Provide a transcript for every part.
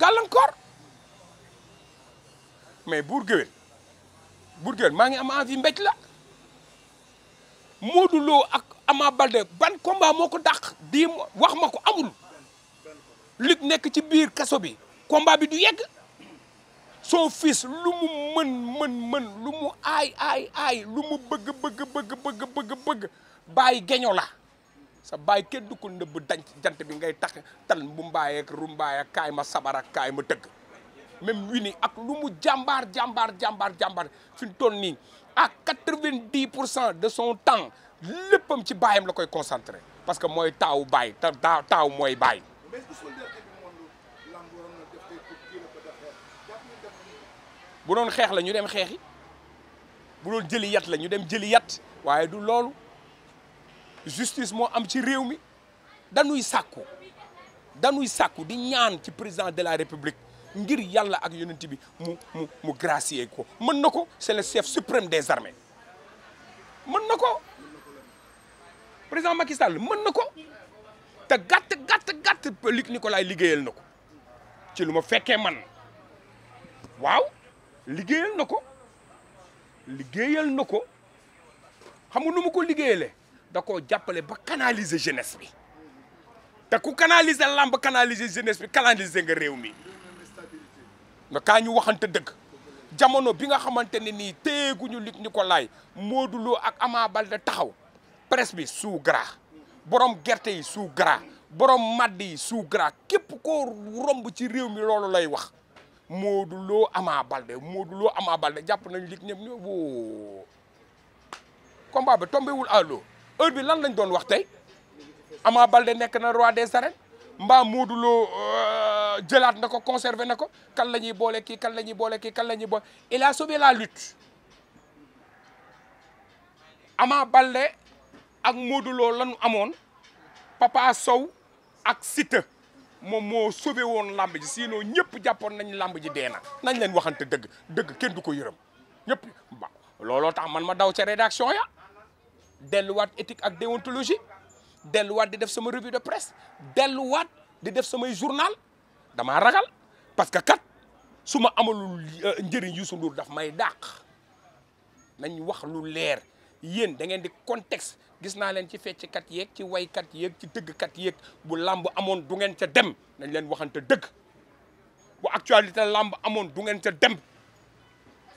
gàllankoor mais buur géwél buur ngi am envie mbéj la Modou ak Ama ban combat di wax amul lig nekk ci biir kaso bi combat bi du yegg son fils lu mu mën mën mën lu mu aay aay aay lu mu la sa bay kenn du ko nëbb danc jant bi ngay tax tal mbaay ak rumbaay ak kay ma sabar ak kaay ma deug même wini ak lu mu jambar jambar jambar jambar fi ton ni a 90% de son temps leppam ci bayam la koy concentré parce que moy taw bay taw taaw mooy bu don xex la ñu dem xexi bu don jeli yat la ñu dem jeli yat waye du lolou justice moo am ci réew mi dañuy sàkku dañuy sakku di ñaan ci président de la république ngir yalla ak yonent bi mu mu mu gracier ko mën nako c'est le chef suprême des armées mën nako ko président Macky Sall mën nako te gatt gatt gatt Luc Nicolas liggéeyal nako ci luma ma man waaw liggéeyal nako ko nako xam nga nu mu ko da koo jàppale ba canaliser jeunesse bi te ku canaliser làmb canaliser jeunesse bi canaliser nga réew mi nga kaa ñu waxante dëgg jamono bi nga xamante ne nii téyeguñu lig ñu ko laay Modou Lo ak Ama Baldé taxaw presse bi suu gras borom gerte yi suu gras borom madd yi sous gras képp koo romb ci réew mi loolu lay wax Modou Lo Ama Baldé Modou Lo Ama Baldé jàpp nañu lig ñëpp ñu woo combat bi tombewul à l'eau heure bi lan lañ doon wax tey Ama Baldé nekk na roi des arènes mbaa Modou Lo euh, jëlaat na ko conservé na ko kan la ñuy boole kii kan la ñuy boole kii kan la ñuy boole il a la lutte Ama Baldé ak Modou Lo lañu amoon Papa Sow ak Siteu moom moo sauvé woon lamb ji sinon ñëpp jàppoon nañ lamb ji dee na nañ leen waxante dëgg dëgg kenn du ko yërëm ñëpp looloo tax man ma daw ca rédaction ya delluwaat éthique ak déontologie delluwaat di def sama revue de presse delluwaat di def samay journal damaa ragal parce que kat su ma amalul euh, njëriñ Youssou Ndour daf may dàq nañ wax lu leer yéen da ngeen di contexte gis naa leen ci fecckat yeeg ci waykat yeeg ci dëggkat yeeg bu lamb amoon du ngeen ca dem nañ leen waxante dëgg bu actualité lamb amoon du ngeen ca dem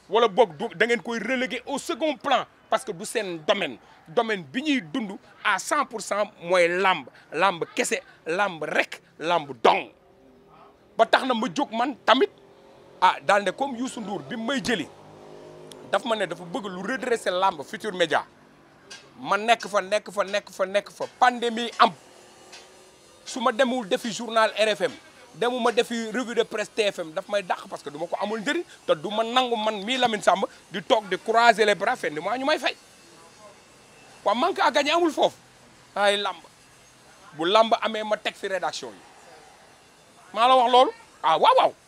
wala bok du da ngeen koy relégué au second plan parce que du sen domaine domaine bi ñuy dund à 100% moy lamb, lamb kessé lamb rek lamb dong ba taxna ma jog man tamit ah dal né comme Youssou Ndour bi may jëli daf ma né dafa bëgg lu redresser lamb futur média ma nek fa nek fa nek fa nek fa pandémie am suma ma demul journal RFM demuma defi revue de presse TFM daf may dàq parce que du ma ko amul njëriñ te du ma nangu man mii Lamine Samb di toog di croiser les bras fenn maa ñu may fay waaw manque à gagner amul foofu ay lamb bu lamb amee ma teg fi rédaction yi maa la wax loolu ah waaw waaw